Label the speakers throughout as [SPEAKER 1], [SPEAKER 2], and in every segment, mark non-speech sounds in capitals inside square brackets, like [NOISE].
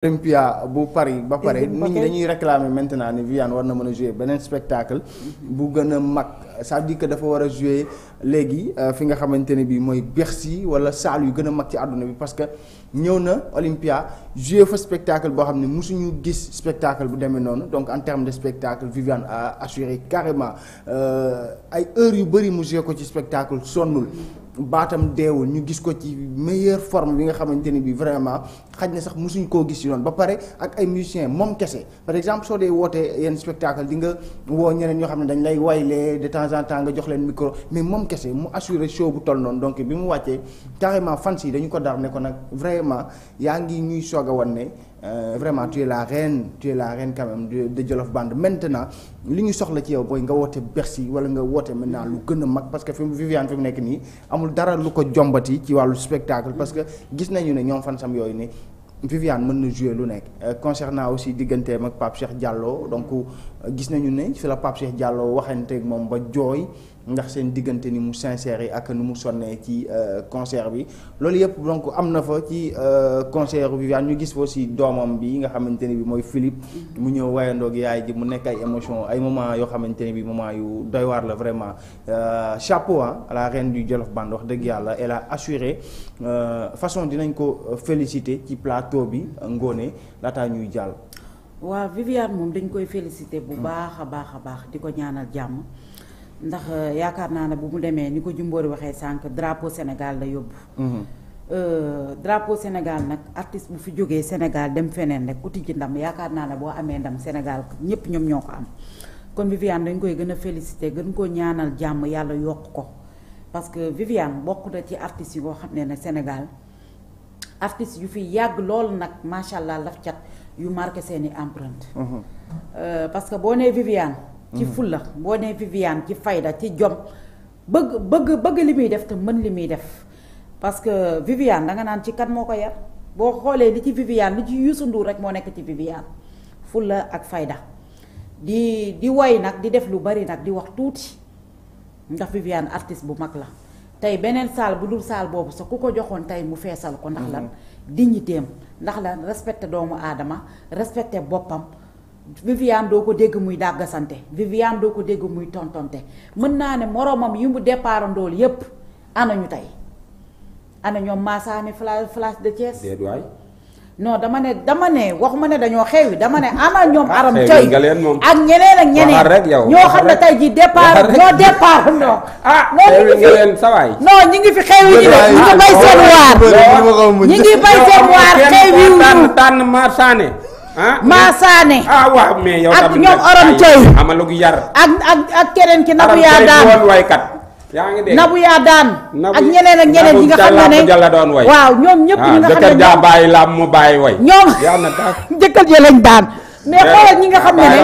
[SPEAKER 1] Olympia bu Paris ba pare nit ñi dañuy réclamer maintenant ni Viviane war na mën a jouer beneen spectacle bu gën a mag ça veut dafa war a jouer léegi euh, fi nga xamante ne bi mooy Bercy wala salle yu gën a mag ci àdduna bi parce que ñëw na Olympia jouer fa spectacle boo xam ne musuñu gis spectacle bu demee noonu donc en termes de spectacle Viviane a assuré carrément euh, ay heures yu bëri mu jouer ko ci spectacle sonnul baatam deewul ñu gis ko ci meilleure forme bi nga xamante ni bi vraiment xaj ne sax mosuñ koo gis ci noonu ba pare ak ay musiciens moom kese par exemple soo dee wootee yenn spectacle di nga woo ñeneen ñoo xam ne dañ lay wayle de temps en temps nga jox leen micro mais moom kese mu assuré show bu toll noonu donc bi mu wàccee carrément fans yi dañu ko dar ne ko nag vraiment yaa ngi ñuy soog a wan ne Euh, vraiment tu la reine tu es la reine quand même de de Jolof Band maintenant li ñu soxla ci yow booy nga woote Bercy wala nga woote maintenant lu gën a mag parce que fi mu Viviane fi mu nekk nii amul dara lu ko jombati ci wàllu spectacle parce que gis nañu ne ñoom fan sam yooyu ne Viviane mën na jouer lu nekk. Euh, concernant aussi diggante ak Pape Cheikh Diallo donc euh, gis nañu ni fi la Pape Cheikh Diallo waxanteeg moom ba jooy. ndax seen diggante ni mu sincère yi ak nu mu sonnee ci euh, concert bi loolu yëpp donc am na fa ci euh, concert bi ñu gis fa si doomam bi nga xamante ne bi mooy Philippe mm-hmm. mu ñëw wayandoog yaay ji mu nekk ay émotion ay moment yoo xamante ne bi moment yu doy waar la vraiment euh, chapeau à la reine du Jolof Band wax dëgg yàlla elle a assuré façon dinañ ko félicité ci plateau bi ngoone laataa ñuy jàll
[SPEAKER 2] waa Viviane moom dañ koy féliciter bu mm. baax a baax a baax di ko ñaanal jàmm ndax euh, yaakaar naa ne bu mu demee ni ko Jumbori waxee sànq drapeau Sénégal la yóbbu. Mhm. Euh, drapeau Sénégal nag artiste bu fi jógee Sénégal dem feneen rek uti ci ndam yaakaar naa ne boo amee ndam Sénégal ñëpp ñoom ñoo ko am. kon Viviane dañ koy gën a félicité gën koo ñaanal jàmm yàlla yokk ko parce que Viviane bokk na ci artistes yi boo xam ne ne Sénégal artistes yu fi yàgg lool nag macha allah laf cat yu marqué seeni empreinte. Mhm. Euh, parce boo nee Viviane. ci mm-hmm. fulla boo nee Viviane ci fayda ci jom bëgg bëgg bëgg li muy def te mën li muy def parce que Viviane danga naan ci kan moo ko yar boo xoolee li ci Viviane li ci Youssou Ndour rek moo nekk ci Viviane fulla ak fayda di di woy nag di def lu bari nag di wax tuuti ndax Viviane artiste bu mag la tey beneen saal bu dul saal boobu sax ku ko joxoon tey mu feesal ko ndax lan mm-hmm. dignitéem ndax lan respecté doomu aadama respecté boppam Viviane doo ko dégg muy dàggasante Viviane doo ko dégg muy tontonte mën naa ne moroomam yi mu départ ndool yépp ana ñu tey ana ñoom Massaane flash flash de Thiès. déet dama ne dama ne waxuma ne dañoo xew dama ne ana ñoom ah, aram coy ak
[SPEAKER 3] ñeneen
[SPEAKER 2] ak ñeneen ñoo xam ne tey ji départ ñoo départ ah, non ah ñoo ngi fi sawaay ñi ngi fi xew yi ñu ngi bay seen ah, ñi ngi bay seen waar
[SPEAKER 3] xew Maasane.
[SPEAKER 2] ah waaw mais yow ak ñoom Orom Thiaw. ak ak keneen ki Nabou yaa daan yaa ngi dégg Nabou yaa daan. ak ñeneen ak ñeneen yi nga xam ne doon way. waaw ñoom ñëpp ñi nga xam ne
[SPEAKER 3] mu bàyyi way. ñoom
[SPEAKER 2] jëkkër ja lañ daan. mais xoolal ñi nga xam ne ne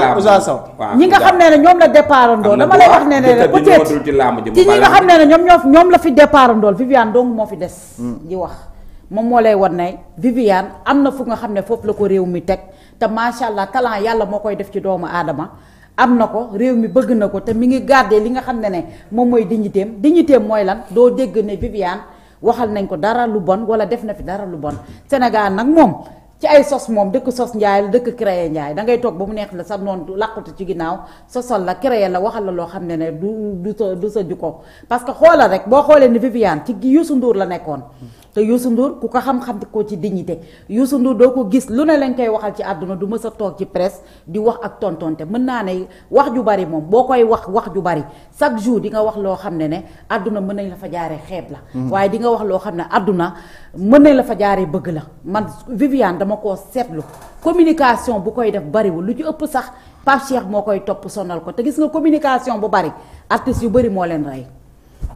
[SPEAKER 2] ñi nga xam ne ne ñoom la départandool dama lay wax ne ne peut-être ci ñi nga xam ne ne ñoom ñoo ñoom la fi départandool Viviane dong moo fi des di wax moom moo lay wan ne Viviane am na fu nga xam ne foofu la ko réew mi teg te macha allah talent yàlla moo koy def ci doomu aadama am na ko réew mi bëgg na ko te mi ngi garder li nga xam ne ne moom mooy dignitéem dignitéem mooy lan doo dégg ne Viviane waxal nañ ko dara lu bon wala def na fi dara lu bon Sénégal nag moom ci ay sos moom dëkk sos njaay la dëkk créé njaay da ngay toog ba mu neex la sa noonu làqutu ci ginnaaw sosal la créé la waxal la loo xam ne ne du du du sa jukko parce que xoolal rek boo xoolee ne Viviane ci Youssou Ndour la nekkoon te Youssou Ndour ku ko xam-xam ko ci dignité Youssou Ndour doo ko gis lu ne leen koy waxal ci àdduna du mës a toog ci presse di wax ak tontonte mën naa ne wax ju bari moom boo koy wax wax ju bari chaque jour di nga wax loo xam ne ne àdduna mën nañ la jaaree xeeb la mhm. waaye di nga wax loo xam ne àdduna mën nañ la fa jaaree bëgg la man Viviane dama koo seetlu communication bu koy def bariwul lu ci ëpp sax Pape moo koy topp sonal ko te gis nga communication bu bari artistes yu bari moo leen rey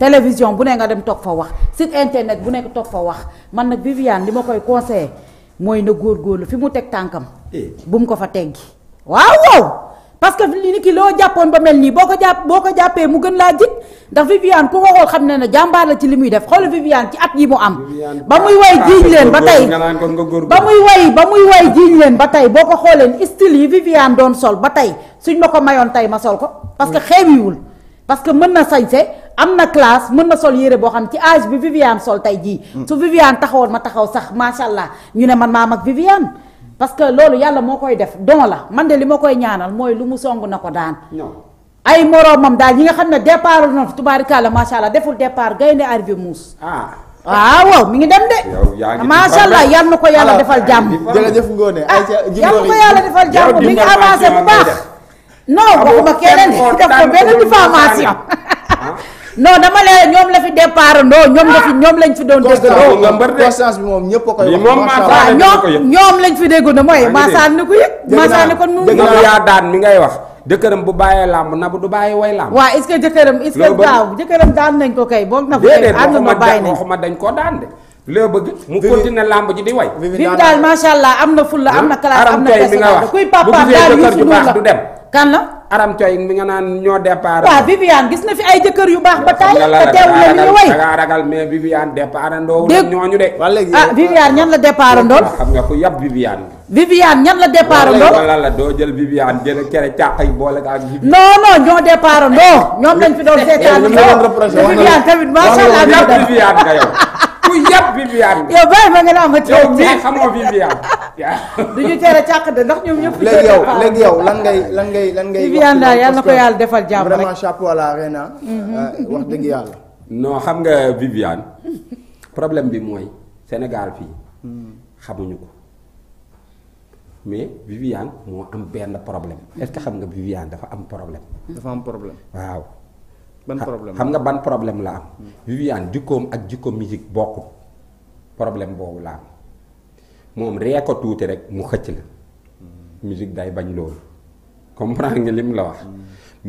[SPEAKER 2] télévision bu ne nga dem toog fa wax site internet bu nekk toog fa wax man nag Viviane li ma koy conseillé mooy na góorgóorlu fi mu teg tànkam. Eh. bu mu ko fa teggi waaw waaw parce que nit ki loo jàppoon ba mel nii boo ko jàpp boo ko jàppee mu gën laa jig ndax Viviane ku ko xool xam ne ne jàmbaar la ci li muy def xool Viviane ci at yi mu am. ba muy way ah, jiiñ leen ba tey ba muy way ba muy way jiiñ leen ba tey boo ko xoolee style yi Viviane doon sol ba tey suñ ma ko mayoon tey ma sol ko. parce que xeewiwul parce que mën na sañse am na classe mën na sol yére boo xam ne ci âge bi Viviane sol tey jii. Mm. su Viviane taxawoon ma taxaw sax macha allah ñu ne man maa mag Viviane. parce que loolu yàlla moo koy def don la man de li ma koy ñaanal mooy lu mu song na ko daan. ay moroomam daal ñi nga xam ne départ na tubaarikàlla macha allah deful départ gaynde arrivé muus. ah waaw ah, waaw mi ngi dem de.
[SPEAKER 1] macha allah yal na ko ah, yàlla defal jàmm. Ah, jërëjëf Ngoné yal na ko yàlla defal jàmm mi ngi avancé bu baax.
[SPEAKER 2] non waxuma non dama leen ñoom la fi départ ñoom lañ fi doon dégg ñëpp a koy wax waaw ñoom ñoom lañ na mooy maasaan ni ko yëg maasaan ni kon mu dëgg na yaa
[SPEAKER 3] daan mi ngay wax bu bàyyee làmb
[SPEAKER 2] daan nañ ko kay boog nabu kay ma bàyyi
[SPEAKER 3] nañ daan de loo bëgg mu
[SPEAKER 2] am na fulla am na classe am na kuy papaam daal
[SPEAKER 3] kan la aram coy mi nga naan ñoo
[SPEAKER 2] départ. waaw Viviane gis na fi ay jëkkër yu baax. ba taay te teewul la ñu way
[SPEAKER 3] da ragal mais Viviane
[SPEAKER 2] départ andoo. dégg ñooñu
[SPEAKER 3] de. ah Viviane
[SPEAKER 2] ñan la départ andoon.
[SPEAKER 3] xam nga ku yab Viviane.
[SPEAKER 2] Viviane ñan la
[SPEAKER 3] doo jël Viviane jël kere càq yi boole ak.
[SPEAKER 2] non non ñoo départ andoo. ñoom lañ fi doon eh, eh, seetaan. Viviane tamit
[SPEAKER 3] macha allah Viviane nga
[SPEAKER 2] Viviane. yow bàyyi ma nga la amati. yow mii xamoo Viviane. [LAUGHS] du ñu teel a càq de ndax ñoom ñëpp. léegi yow léegi yow
[SPEAKER 1] lan ngay lan ngay lan ngay. Viviane daal yàlla na ko yàlla defal jàmm
[SPEAKER 3] rek vraiment chapeau à la reine
[SPEAKER 1] mm-hmm. euh, wax dëgg yàlla.
[SPEAKER 3] non xam nga Viviane problème bi mooy Sénégal fii. xamuñu ko mais Viviane moo am benn problème est-ce que xam nga Viviane dafa am problème. dafa am problème waaw. ban problème xam nga ban problème la am. Viviane jikkoom ak jikko musique bokkul. problème boobu laa moom ree ko tuuti rek mu xëcc la mm. musique day bañ loolu comprendre nga lim la wax mm.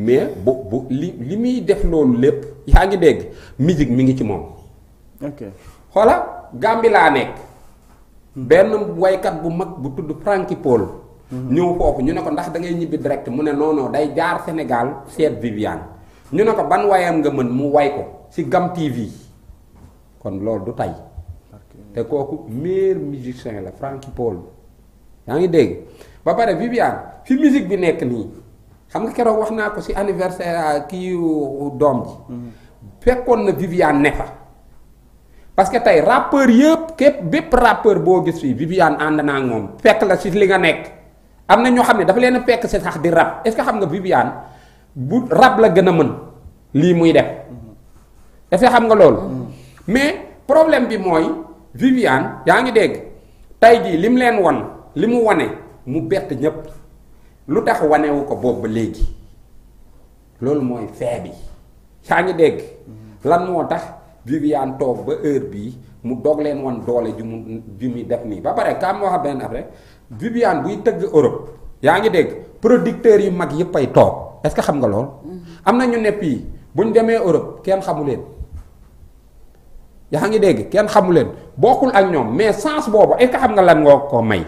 [SPEAKER 3] mais bu bu li li muy def loolu lépp yaa ngi dégg musique mi ngi ci moom ok xoola Gàmbi laa nekk mm. benn waykat bu mag bu tudd Franky Paul mm-hmm. ñëw foofu ñu ne ko ndax dangay ñibbi direct mu ne non day jaar Sénégal seet Viviane ñu ne ko ban wayam nga mën mu way ko ci Gam TV kon loolu du tey te kooku meilleur musicien la Franky Paul yaa ngi dégg ba pare Viviane fi musique bi nekk nii xam nga keroog wax naa ko si anniversaire ah, kii doom ji mhm. fekkoon na Viviane ne fa parce que tey rappeur yëpp képp bépp rappeur boo gis fii Viviane ànd naa moom fekk la si li nga nekk am na ñoo xam ne dafa leen a fekk si sax di rap est que xam nga Viviane bu rab la gën a mën lii muy def mhm. est-ce que xam nga loolu mhm. mais problème bi mooy Viviane yaa ngi dégg tey jii li mu leen wan li mu wane mu bett ñépp lu tax wanewu ko boobu ba léegi loolu mooy fee bi saa ngi dégg mm-hmm. lan moo tax Viviane toog ba heure bii mu doog leen wan doole ju mu ju muy def nii ba pare kam moo xam benn après Viviane buy tëgg Europe yaa ngi dégg producteurs yu mag yëpp ay toog est-ce que xam nga lool. Mm-hmm. am na ñu nepp yi bu ñu demee Europe kenn xamu leen yaa ngi dégg kenn xamu leen bokkul ak mais sens boobu est xam nga lan ngoo ko may.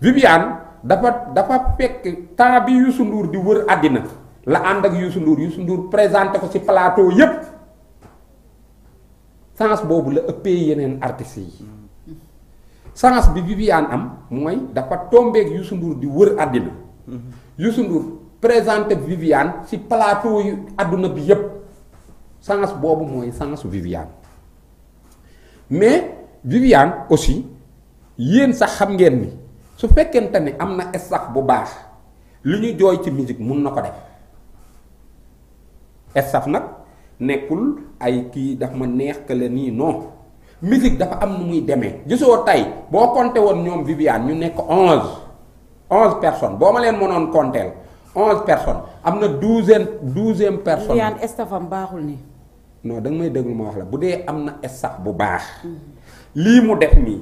[SPEAKER 3] Viviane dafa dafa fekk temps bi Youssou Ndour di wër àddina la ànd ak Youssou nduur Youssou Ndour présenté ko ci plateau yépp sens boobu la ëppee yeneen artistes yi sens bi Viviane am mooy dafa tombeek Youssou Ndour di wër àddina Youssou Ndour présenté Viviane ci plateau yu àdduna bi yépp sens boobu mooy sensu Viviane mais Viviane aussi yéen sax xam ngeen ni su fekkente ni am na staff bu baax li ñu jooy ci musique mun na ko def staff nag nekkul ay kii daf ma neex que nii non musique dafa am nu muy demee gisoo tey boo compté woon ñoom Viviane ñu nekk onze onze personnes boo ma leen mënoon compteel onze personnes am na douzaine douzième personne Viviane
[SPEAKER 2] staffam baaxul nii
[SPEAKER 3] no da nga may déglu ma wax la bu dee am na staff bu baax lii mu def nii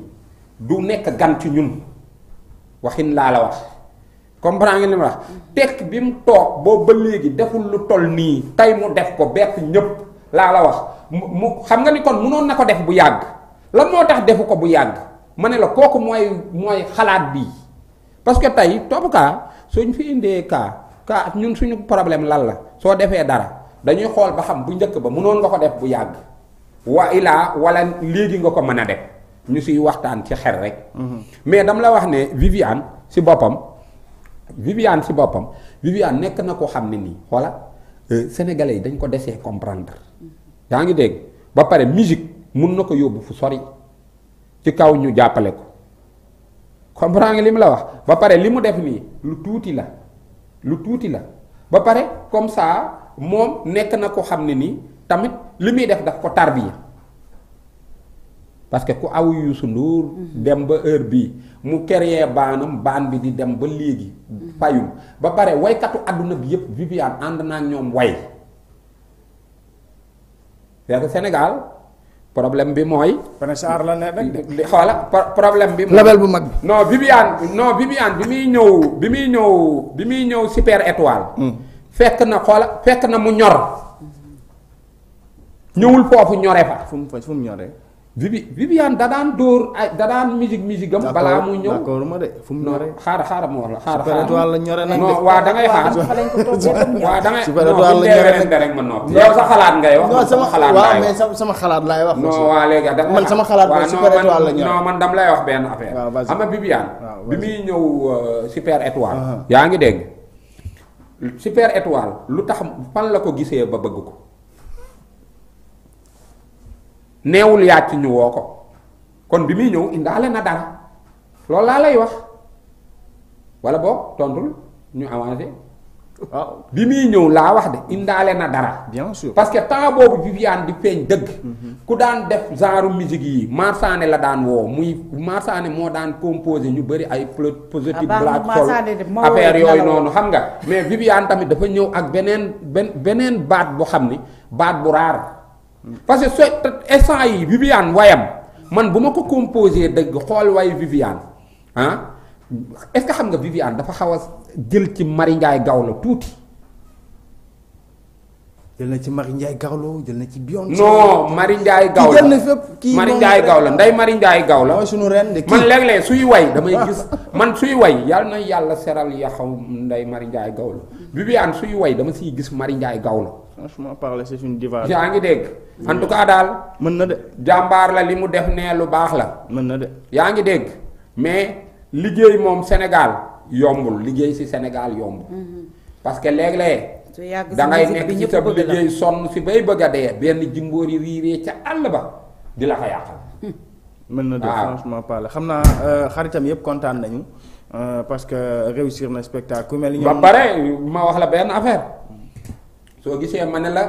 [SPEAKER 3] du nekk gan ci ñun waxin laa la wax comprend nga li ma wax tekk bi mu toog boobu ba léegi deful lu toll nii tey mu def ko bett ñépp laa la wax mu xam nga ni kon mënoon na ko def bu yàgg lan moo tax defu ko bu yàgg ma ne la kooku mooy mooy xalaat bii parce que tey topp kaa soo fi indee kaa kaa ñun suñu problème lan la soo defee dara dañuy xool ba xam bu njëkk ba munoon nga ko def bu yàgg wa ilaa wala léegi nga ko mën a def ñu siy waxtaan ci xel rek. Mhm. mais dam la wax ne Viviane si boppam Viviane si boppam Viviane nekk na ko xam ne nii xoola euh, sénégalais yi dañ ko desee comprendre. Mhm. yaa ngi dégg ba pare musique mun na ko yóbbu fu sori ci kaw ñu jàppale ko comprendre nga li mu la wax ba pare li mu def nii lu tuuti la lu tuuti la ba pare comme ça. moom nekk na ko xam ne nii tamit li muy def daf ko tarbiya parce que ku aw Youssou Ndour dem ba heure bii mu créer baanam baan bi di dem ba léegi fayul ba pare woykatu àdduna bi yëpp Viviane ànd naa ñoom way parce que Sénégal problème bi mooy. Panachaar la ne bi. label bu mag bi. non Viviane non Viviane bi muy ñëw bi muy ñëw bi muy ñëw super étoile. Hmm. fekk na xoola fekk na mu ñor ñëwul foofu ñore fa. fu mu fu mu ñoree. da daan dóor ay da daan musique musique am. balaa muy ñëw d'accord ma de mu ñoree. xaar xaar mu war la xaar xaar la waa da la ñore nañ ma noppi. xalaat ngay wax. sama xalaat waaw
[SPEAKER 1] sama xalaat laay wax. non sama xalaat man dam lay wax
[SPEAKER 3] benn affaire. waaw xam nga Viviane. bi euh, super étoile. Uh-huh. yaa ngi dégg. super étoile lu tax fan la ko gisee ba bëgg ko neewul yàcc ñu woo ko kon bi muy ñëw indaale na dara loolu laa lay wax wala boo tontul ñu avancé waaw bi muy ñëw laa wax de indaale na dara. bien sûr parce que temps boobu Viviane di feeñ dëgg. ku daan def genre musique yi Marsané la daan woo muy Marsané moo daan composé ñu bëri ay positive ah, black soul affaire yooyu noonu xam nga. mais Viviane tamit dafa ñëw ak beneen beneen beneen baat boo xam ni baat bu raar. parce que soo yi Viviane wayam man bu ma ko composé dëgg xool way Viviane ah. est-ce que xam nga Viviane dafa xaw a jël ci Marie gaw la tuuti. jël na ci Marie Ndiaye Gawlo jël na ci Beyoncé. non Marie Ndiaye Gawlo jël na fépp kii Marie Ndiaye Gawlo nday Marie Ndiaye Gawlo. mooy ren de kii man léeg-léeg suy way damay [LAUGHS] gis man suy way yàlla na yàlla seral yaxaw nday Marie Ndiaye Gawlo Viviane suy way dama siy gis Marie gaw Gawlo. franchement parler yaa ngi dégg en tout cas daal. mën na de. jàmbaar la li mu def nee lu baax la. mën na de. yaa ngi dégg mais. liggéey moom Sénégal yombul liggéey si Sénégal yombul. Mhm. parce que léeg-léeg.
[SPEAKER 2] da ngay nekk ci
[SPEAKER 3] sa liggéey sonn si bay bëgg a dee benn jimboor yi riiree ca àll ba di la fa yàqal. Hmm.
[SPEAKER 1] mën na de ah. xam naa euh, xaritam yëpp kontaan nañu euh, parce que réussir na spectacle ku mel. ñoom ba pare
[SPEAKER 3] ma wax la benn affaire soo gisee ma ne la.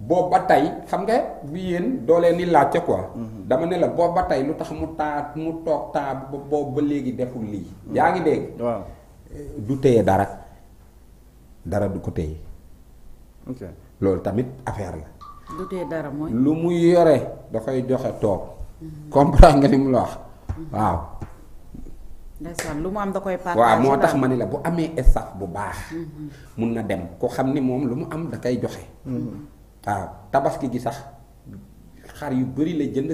[SPEAKER 3] boobu ba tey xam nga bi yéen doo leen di laajte ko mhm. dama ne la boobu ba tey lu tax mu taa mu toog taa ba boobu ba léegi deful lii. Mhm. yaa ngi dégg. waaw eh, du téye dara dara du ko téye. loolu tamit affaire la.
[SPEAKER 2] dara lu
[SPEAKER 3] muy yore dafay joxe toog. comprendre nga ni mu la wax
[SPEAKER 2] mhm. waaw. ndeysaan lu mu da koy partage moo tax ma ne
[SPEAKER 3] la bu amee staff bu baax. mun na dem ko xam ni moom lu mu am da koy joxe. waaw tabaski gi sax xar yu bari lay jënd